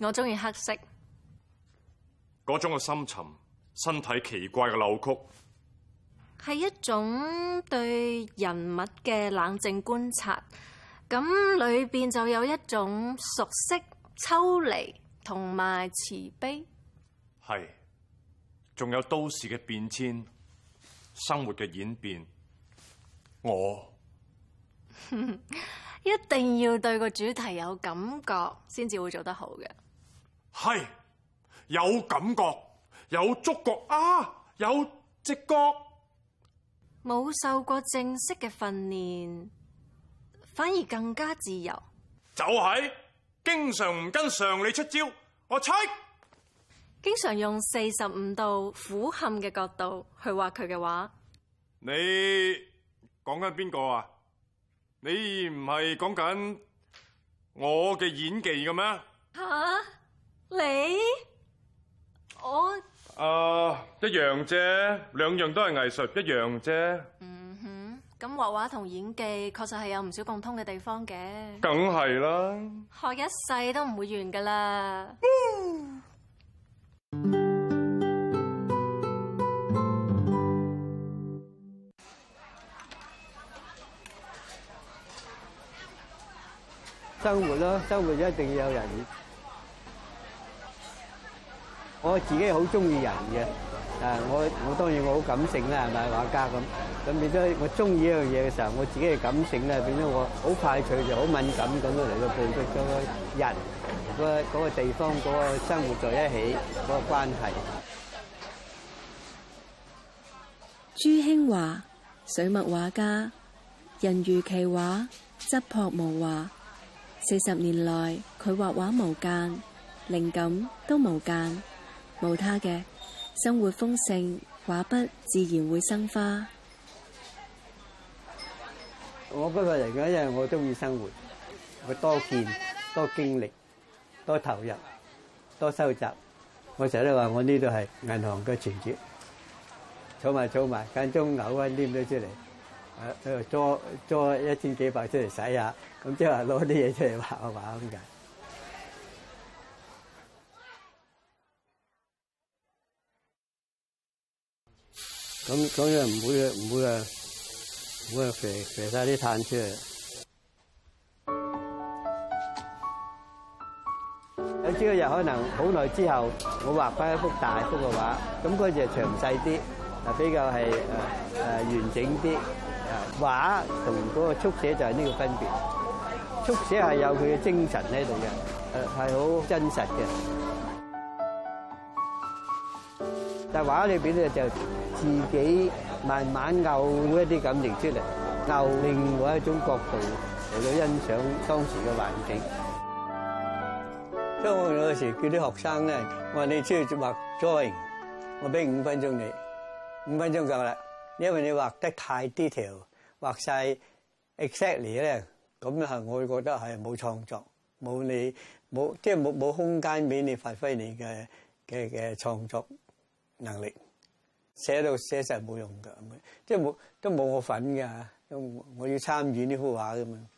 我中意黑色，嗰種嘅深沉，身體奇怪嘅扭曲，係一種對人物嘅冷靜觀察，咁裏邊就有一種熟悉、抽離同埋慈悲，係，仲有都市嘅變遷，生活嘅演變，我 一定要對個主題有感覺，先至會做得好嘅。係，有感覺，有觸覺啊，有直覺。冇受過正式嘅訓練，反而更加自由。就係經常唔跟常理出招，我吹。經常用四十五度俯瞰嘅角度去畫佢嘅畫。你講緊邊個啊？你唔係講緊我嘅演技嘅咩？吓？你我啊，一樣啫，兩樣都係藝術，一樣啫。嗯哼，咁畫畫同演技確實係有唔少共通嘅地方嘅。梗係啦，學一世都唔會完㗎喇。生活咯，生活一定要有人。我自己好中意人嘅，啊！我我當然我好感性啦，係咪畫家咁咁變咗？我中意一樣嘢嘅時候，我自己嘅感性咧變咗，我好快脆就好敏感咁樣嚟到判斷咗個人嗰嗰個地方嗰個生活在一起嗰個關係。朱興華，水墨畫家，人如其畫，質樸無華。四十年來，佢畫畫無間，靈感都無間。無他嘅，生活豐盛，畫筆自然會生花。我不過嚟講，因為我中意生活，我多見、多經歷、多投入、多收集。我成日都話我呢度係銀行嘅存折，儲埋儲埋，間中偶然拈咗出嚟，喺度捉捉一千幾百出嚟使下，咁即係話攞啲嘢出嚟畫畫咁解。咁咁樣唔會呀，唔會呀，唔會呀，肥肥曬啲炭出嚟。有朝一日可能好耐之後，我畫翻一幅大幅嘅畫，咁嗰陣就詳細啲，啊比較係誒誒完整啲。啊畫同嗰個速寫就係呢個分別，速寫係有佢嘅精神喺度嘅，誒係好真實嘅。但係畫裏邊咧就～自己慢慢勾一啲感情出嚟，勾另外一種角度嚟到欣賞當時嘅環境。即係我有時叫啲學生咧，我話你出去畫 drawing，我俾五分鐘你，五分鐘夠啦。因為你畫得太 detail，畫晒 exactly 咧，咁樣係我會覺得係冇創作，冇你冇即係冇冇空間俾你發揮你嘅嘅嘅創作能力。寫到寫實冇用噶即係冇都冇我份噶。我我要參與呢幅畫噶嘛，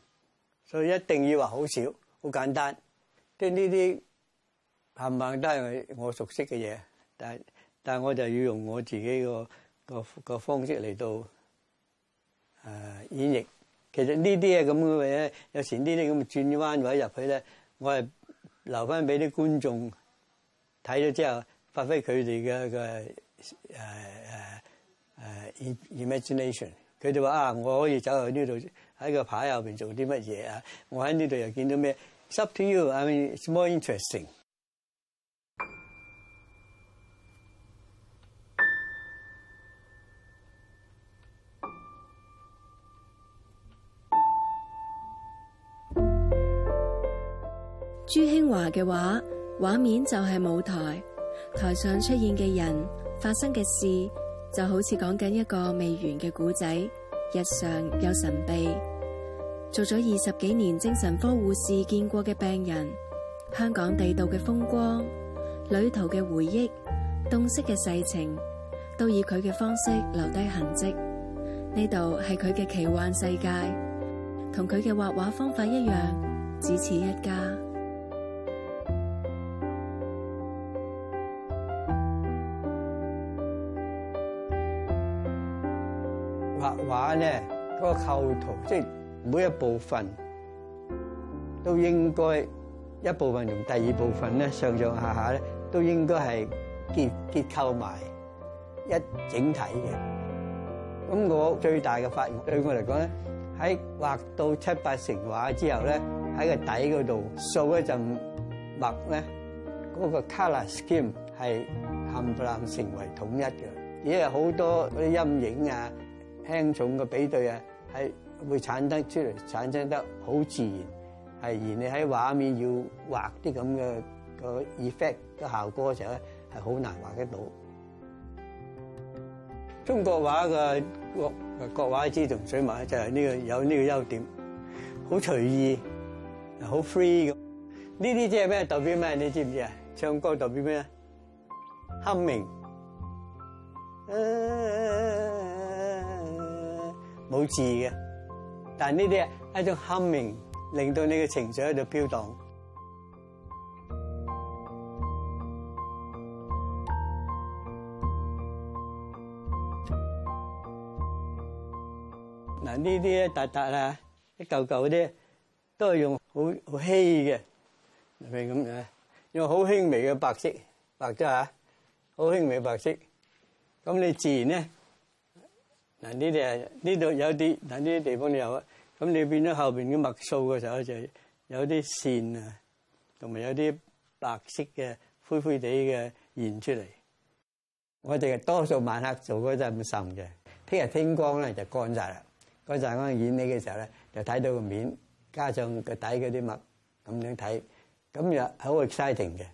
所以一定要話好少、好簡單。即係呢啲冚唪唥都係我熟悉嘅嘢，但但係我就要用我自己個個個方式嚟到誒演繹。其實呢啲係咁嘅嘢，有時呢啲咁嘅轉彎位入去咧，我係留翻俾啲觀眾睇咗之後，發揮佢哋嘅嘅。誒誒誒，imagination 佢哋話啊，我可以走去呢度喺個牌後邊做啲乜嘢啊？我喺呢度又見到咩？It's up to you. I mean, it's more interesting。朱興華嘅畫畫面就係舞台，台上出現嘅人。發生嘅事就好似講緊一個未完嘅故仔，日常又神秘。做咗二十幾年精神科護士見過嘅病人，香港地道嘅風光，旅途嘅回憶，洞悉嘅世情，都以佢嘅方式留低痕跡。呢度係佢嘅奇幻世界，同佢嘅畫畫方法一樣，只此一家。咧個構圖，即係每一部分都應該一部分同第二部分咧，上上下下咧，都應該係結結構埋一整體嘅。咁我最大嘅發現對我嚟講咧，喺畫到七八成畫之後咧，喺個底嗰度掃一陣墨咧，嗰個 color scheme 係冚唪唥成為統一嘅，因為好多嗰啲陰影啊。輕重嘅比對啊，係會產生出嚟，產生得好自然。係而你喺畫面要畫啲咁嘅個 effect 嘅效果嘅時候咧，係好難畫得到。 中國畫嘅國國畫之同水墨就係呢個有呢個優點，好隨意，好 free 咁。呢啲即係咩？代表咩？你知唔知啊？唱歌代表咩？Humming。冇字嘅，但係呢啲係一種敲鳴，令到你嘅情緒喺度飄蕩。嗱，呢啲嘢笪笪啊，一嚿嚿啲都係用好好稀嘅，譬如咁樣，用好輕微嘅白色，白咗啊，好輕微白色。咁你自然呢？呢啲啊，呢度有啲，嗱，呢啲地方都有啊。咁你變咗後邊嘅墨掃嘅時候就有啲線啊，同埋有啲白色嘅灰灰地嘅現出嚟。我哋多數晚黑做嗰陣咁滲嘅，聽日天，天光咧就乾晒啦。嗰陣我演你嘅時候咧，就睇到個面，加上個底嗰啲墨咁樣睇，咁又好 exciting 嘅。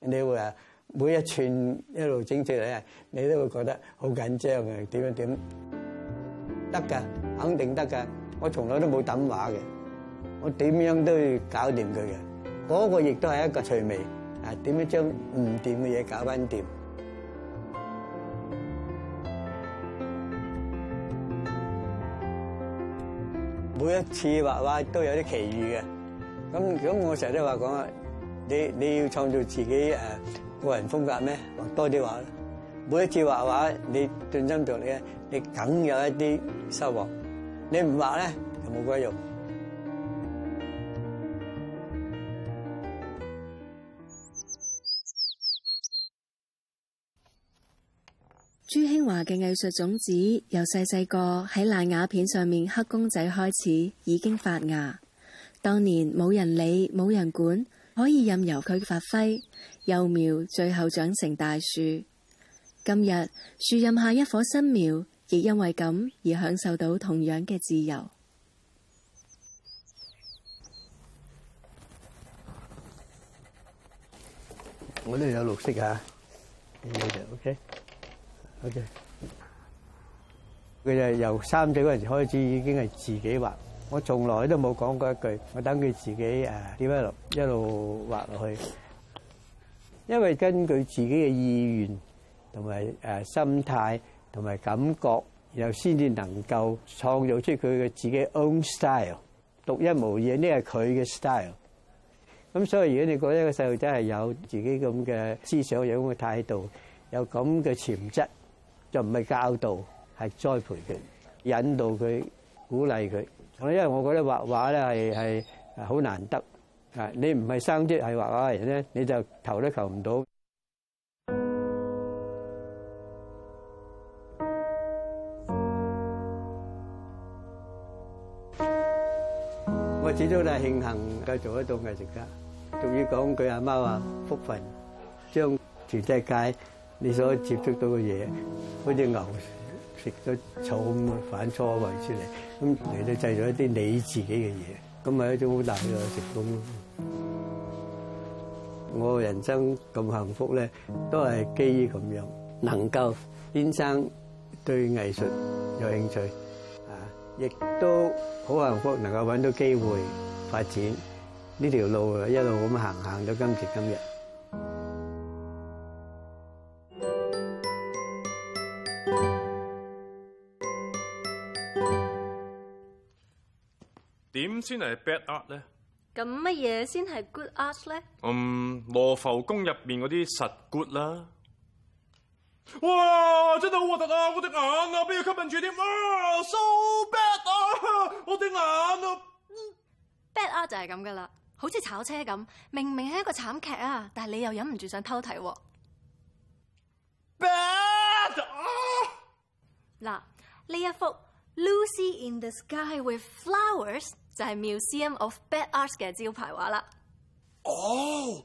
你會啊，每一串一路整出嚟，你都會覺得好緊張嘅，點樣點？得㗎，肯定得㗎。我從來都冇抌畫嘅，我點樣都要搞掂佢嘅。嗰個亦都係一個趣味，誒，點樣將唔掂嘅嘢搞翻掂。每一次畫畫都有啲奇遇嘅。咁咁，我成日都話講啊，你你要創造自己誒個人風格咩？畫多啲畫。每一次畫畫，你斷筋斷力咧，你梗有一啲收穫。你唔畫咧，就冇鬼用。朱興華嘅藝術種子由細細個喺爛瓦片上面刻公仔開始，已經發芽。當年冇人理冇人管，可以任由佢發揮，幼苗最後長成大樹。今日樹蔭下一棵新苗，亦因為咁而享受到同樣嘅自由。我呢度有綠色呀，OK，OK。佢就由三歲嗰陣時開始，已經係自己畫。我從來都冇講過一句，我等佢自己誒點樣一路畫落去，因為根據自己嘅意願。同埋誒心態同埋感覺，然後先至能夠創造出佢嘅自己 own style，獨一無二，呢係佢嘅 style。咁所以如果你覺得一個細路仔係有自己咁嘅思想、有咁嘅態度、有咁嘅潛質，就唔係教導，係栽培佢、引導佢、鼓勵佢。我因為我覺得畫畫咧係係好難得，啊！你唔係生即係畫畫人咧，你就求都求唔到。始終都係慶幸，夠做得到藝術家。仲要講句阿媽話：福分將全世界你所接觸到嘅嘢，好似牛食咗草咁，反錯位出嚟，咁嚟到製咗一啲你自己嘅嘢，咁咪一種好大嘅成功咯。我人生咁幸福咧，都係基於咁樣，能夠天生對藝術有興趣。亦都好幸福，能夠揾到機會發展呢條路一走走，一路咁行，行到今時今日。點先係 bad art 咧？咁乜嘢先係 good art 咧？嗯、um，羅浮宮入面嗰啲實 good 啦。哇，真係好核突啊！我隻眼啊，都要看文字添啊，so bad 啊，我隻眼啊、嗯、，Bad Art 就係咁噶啦，好似炒車咁，明明係一個慘劇啊，但係你又忍唔住想偷睇喎、啊、，Bad Art 嗱、啊、呢、啊、一幅《Lucy in the Sky with Flowers》就係、是、Museum of Bad Art 嘅招牌畫啦。哦。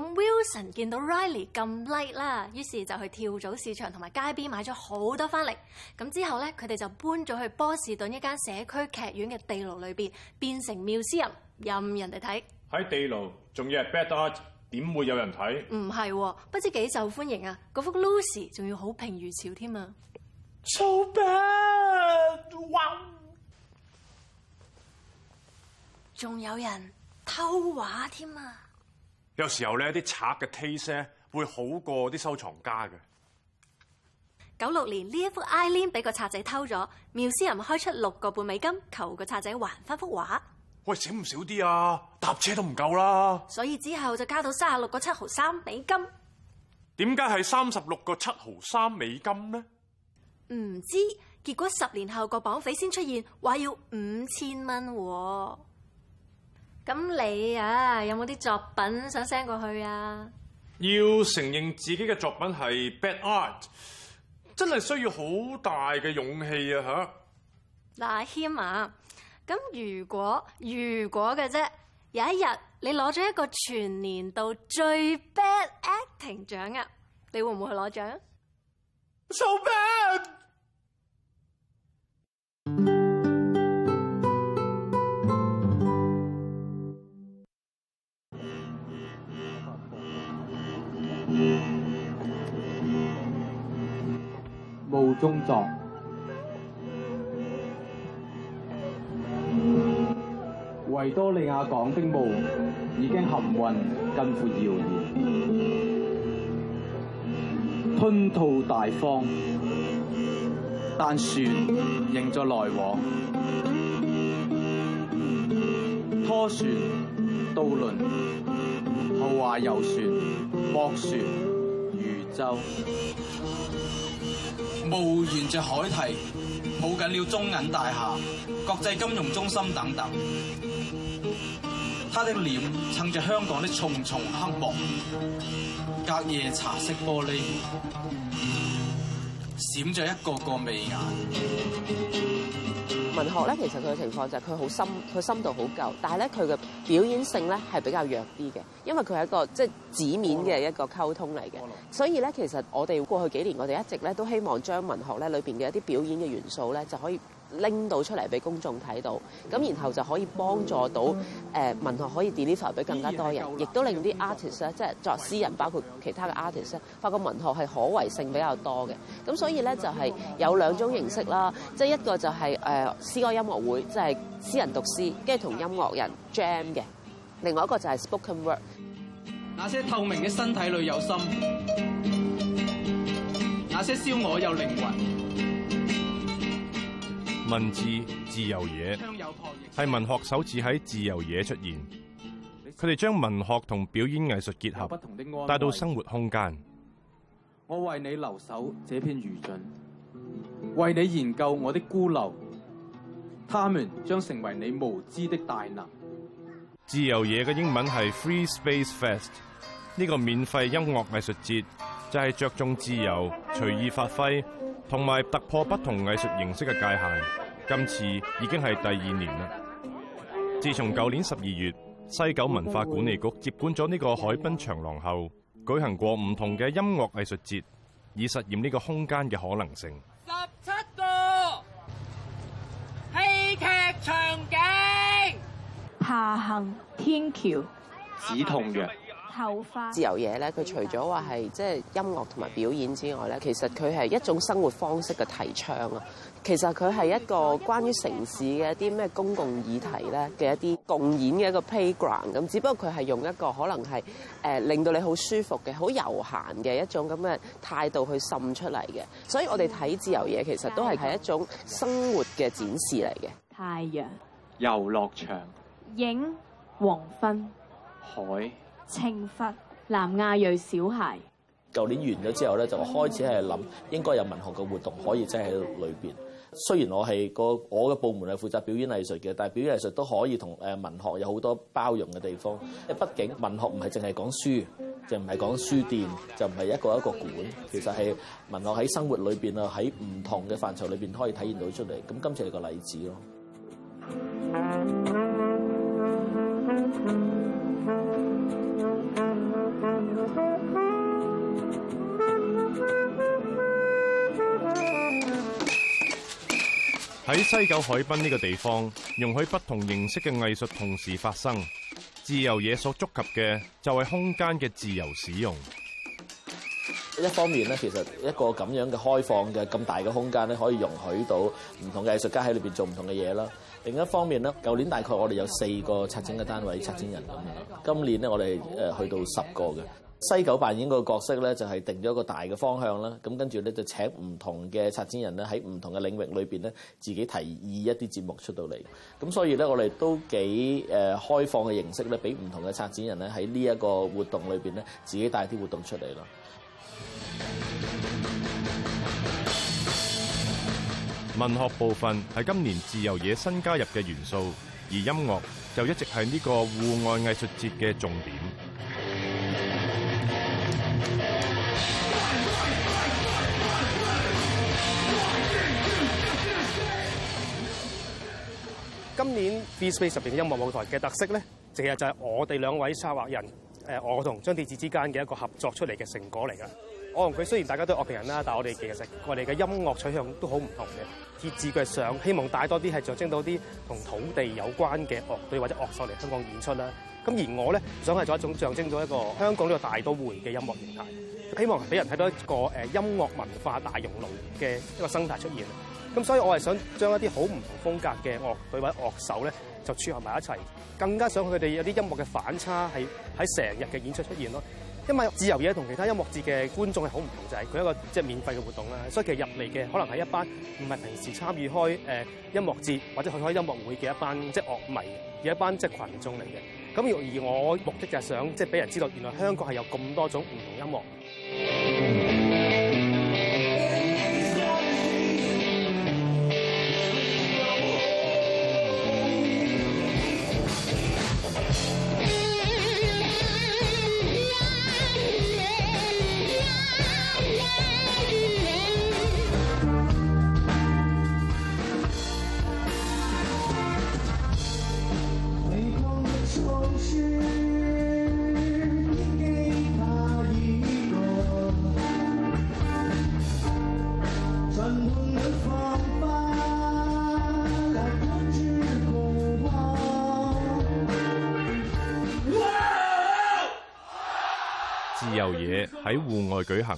神見到 Riley 咁 like 啦，於是就去跳蚤市場同埋街邊買咗好多返嚟。咁之後咧，佢哋就搬咗去波士頓一間社區劇院嘅地牢裏邊，變成 museum，任人哋睇。喺地牢仲要係 bad art，點會有人睇？唔係啊，不知幾受歡迎啊！嗰幅 Lucy 仲要好評如潮添啊！So bad one，wow，仲有人偷畫添啊！有時候呢啲賊嘅 taste 會好過啲收藏家嘅。九六年呢一幅 Eileen 俾個賊仔偷咗，妙思人開出六個半美金求個賊仔還翻幅畫。喂，少唔少啲啊？搭車都唔夠啦。所以之後就加到三十六個七毫三美金。點解係三十六個七毫三美金呢？唔知，結果十年後個綁匪先出現話要五千蚊。咁你啊，有冇啲作品想 send 過去啊？要承認自己嘅作品係 bad art，真係需要好大嘅勇氣啊！吓，那謙啊，咁如果如果嘅啫，有一日你攞咗一個全年度最 bad acting 獎啊，你會唔會去攞獎？So bad！工作，維多利亞港的霧已經含混，近乎謠言，吞吐大方，但船仍在來往，拖船、渡輪、豪華遊船、駁船。就冒沿着海堤，抱緊了中銀大廈、國際金融中心等等，他的臉蹭着香港的重重黑幕，隔夜茶色玻璃。閃咗一個個眉眼。文學咧，其實佢嘅情況就係佢好深，佢深度好夠，但係咧佢嘅表演性咧係比較弱啲嘅，因為佢係一個即係、就是、紙面嘅一個溝通嚟嘅。所以咧，其實我哋過去幾年，我哋一直咧都希望將文學咧裏邊嘅一啲表演嘅元素咧就可以。拎到出嚟俾公眾睇到，咁然後就可以幫助到、呃、文學可以 deliver 俾更加多人，亦都令啲 artist 咧，即係作詩人，包括其他嘅 artist 咧，發覺文學係可為性比較多嘅。咁所以咧就係、是、有兩種形式啦，即係一個就係誒詩歌音樂會，即、就、係、是、詩人讀詩，跟住同音樂人 jam 嘅；另外一個就係 spoken word。那些透明嘅身體裏有心，那些燒鵝有靈魂。文字自由嘢，係文學首次喺自由嘢出現，佢哋將文學同表演藝術結合，帶到生活空間。我為你留守這片餘燼，為你研究我的孤陋，他們將成為你無知的大能。自由嘢嘅英文係 Free Space Fest，呢個免費音樂藝術節就係着重自由、隨意發揮。同埋突破不同藝術形式嘅界限，今次已經係第二年啦。自從舊年十二月西九文化管理局接管咗呢個海濱長廊後，舉行過唔同嘅音樂藝術節，以實驗呢個空間嘅可能性。十七個戲劇場景，下行天橋止痛藥。自由嘢咧，佢除咗話係即係音樂同埋表演之外咧，其實佢係一種生活方式嘅提倡啊。其實佢係一個關於城市嘅一啲咩公共議題咧嘅一啲共演嘅一個 playground 咁。只不過佢係用一個可能係誒令到你好舒服嘅、好悠閒嘅一種咁嘅態度去滲出嚟嘅。所以我哋睇自由嘢，其實都係係一種生活嘅展示嚟嘅。太陽、遊樂場、影、黃昏、海。清佛南亞裔小孩，舊年完咗之後咧，就開始係諗應該有文學嘅活動可以即係喺裏邊。雖然我係個我嘅部門係負責表演藝術嘅，但係表演藝術都可以同誒文學有好多包容嘅地方。畢竟文學唔係淨係講書，就唔係講書店，就唔係一個一個館。其實係文學喺生活裏邊啊，喺唔同嘅範疇裏邊可以體現到出嚟。咁今次係個例子咯。喺西九海濱呢個地方，容許不同形式嘅藝術同時發生。自由野所觸及嘅就係空間嘅自由使用。一方面咧，其實一個咁樣嘅開放嘅咁大嘅空間咧，可以容許到唔同嘅藝術家喺裏邊做唔同嘅嘢啦。另一方面呢，舊年大概我哋有四個策展嘅單位，策展人咁樣，今年咧我哋誒去到十個嘅。西九扮演個角色咧，就係定咗一個大嘅方向啦。咁跟住咧，就請唔同嘅策展人咧，喺唔同嘅領域裏邊咧，自己提議一啲節目出到嚟。咁所以咧，我哋都幾誒開放嘅形式咧，俾唔同嘅策展人咧，喺呢一個活動裏邊咧，自己帶啲活動出嚟囉。文學部分係今年自由野新加入嘅元素，而音樂就一直係呢個戶外藝術節嘅重點。今年 Freespace 入面嘅音樂舞台嘅特色咧，淨係就係我哋兩位策劃人，誒我同張鐵志之間嘅一個合作出嚟嘅成果嚟㗎。我同佢雖然大家都係樂評人啦，但係我哋其實我哋嘅音樂取向都好唔同嘅。鐵志嘅係想希望帶多啲係象徵到啲同土地有關嘅樂隊或者樂手嚟香港演出啦。咁而我咧想係做一種象徵到一個香港呢個大都會嘅音樂形態，希望俾人睇到一個誒音樂文化大熔爐嘅一個生態出現。咁所以我係想將一啲好唔同風格嘅樂隊或者樂手咧，就撮合埋一齊，更加想佢哋有啲音樂嘅反差，係喺成日嘅演出出現咯。因為自由野同其他音樂節嘅觀眾係好唔同，就係佢一個即係免費嘅活動啦，所以其實入嚟嘅可能係一班唔係平時參與開誒音樂節或者去開音樂會嘅一班即係樂迷，嘅一班即係群眾嚟嘅。咁而我目的就係想即係俾人知道，原來香港係有咁多種唔同音樂。遊野喺戶外舉行，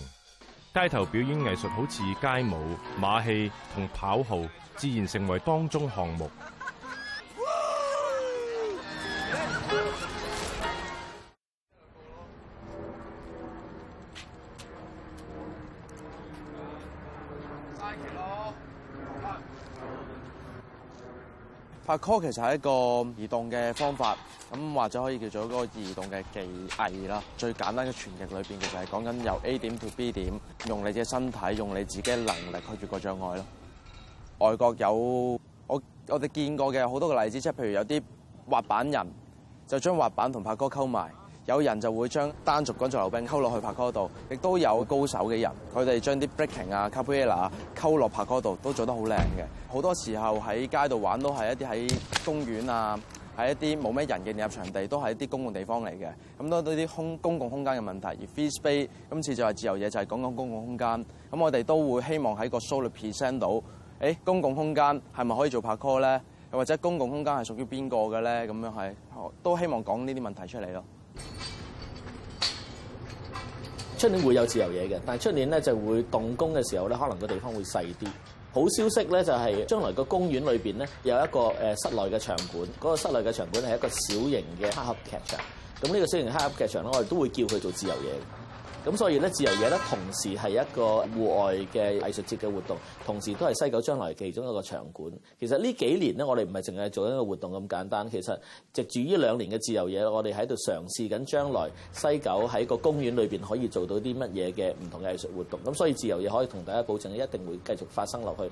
街頭表演藝術好似街舞、馬戲同跑號，自然成為當中項目。拍 call 其實係一個移動嘅方法，咁或者可以叫做一個移動嘅技藝啦。最簡單嘅傳譯裏邊，其實係講緊由 A 點到 B 點，用你自己身體，用你自己嘅能力去越過障礙咯。外國有我我哋見過嘅好多個例子，即係譬如有啲滑板人就將滑板同拍 call 溝埋。有人就會將單排滾軸溜冰溝落去拍 co 度，亦都有高手嘅人，佢哋將啲 breaking 啊、capoeira、啊、溝落拍 co 度都做得好靚嘅。好多時候喺街度玩都係一啲喺公園啊，喺一啲冇咩人嘅練習場地都係一啲公共地方嚟嘅。咁、嗯、都都啲空公共空間嘅問題，而 Free Space 今次就係自由嘢，就係、是、講講公共空間。咁、嗯、我哋都會希望喺個 solo present 到，誒、欸、公共空間係咪可以做拍 co 咧？又或者公共空間係屬於邊個嘅咧？咁樣係都希望講呢啲問題出嚟咯。出年會有自由嘢嘅，但係出年咧就會動工嘅時候咧，可能個地方會細啲。好消息咧就係將來個公園裏邊咧有一個誒室內嘅場館，嗰個室內嘅場館係一個小型嘅黑盒劇場。咁呢個小型黑盒劇場咧，我哋都會叫佢做自由嘢。咁所以咧，自由野咧，同時係一個戶外嘅藝術節嘅活動，同時都係西九將來其中一個場館。其實呢幾年咧，我哋唔係淨係做一個活動咁簡單。其實，藉住呢兩年嘅自由野，我哋喺度嘗試緊將來西九喺個公園裏邊可以做到啲乜嘢嘅唔同嘅藝術活動。咁所以自由野可以同大家保證，一定會繼續發生落去。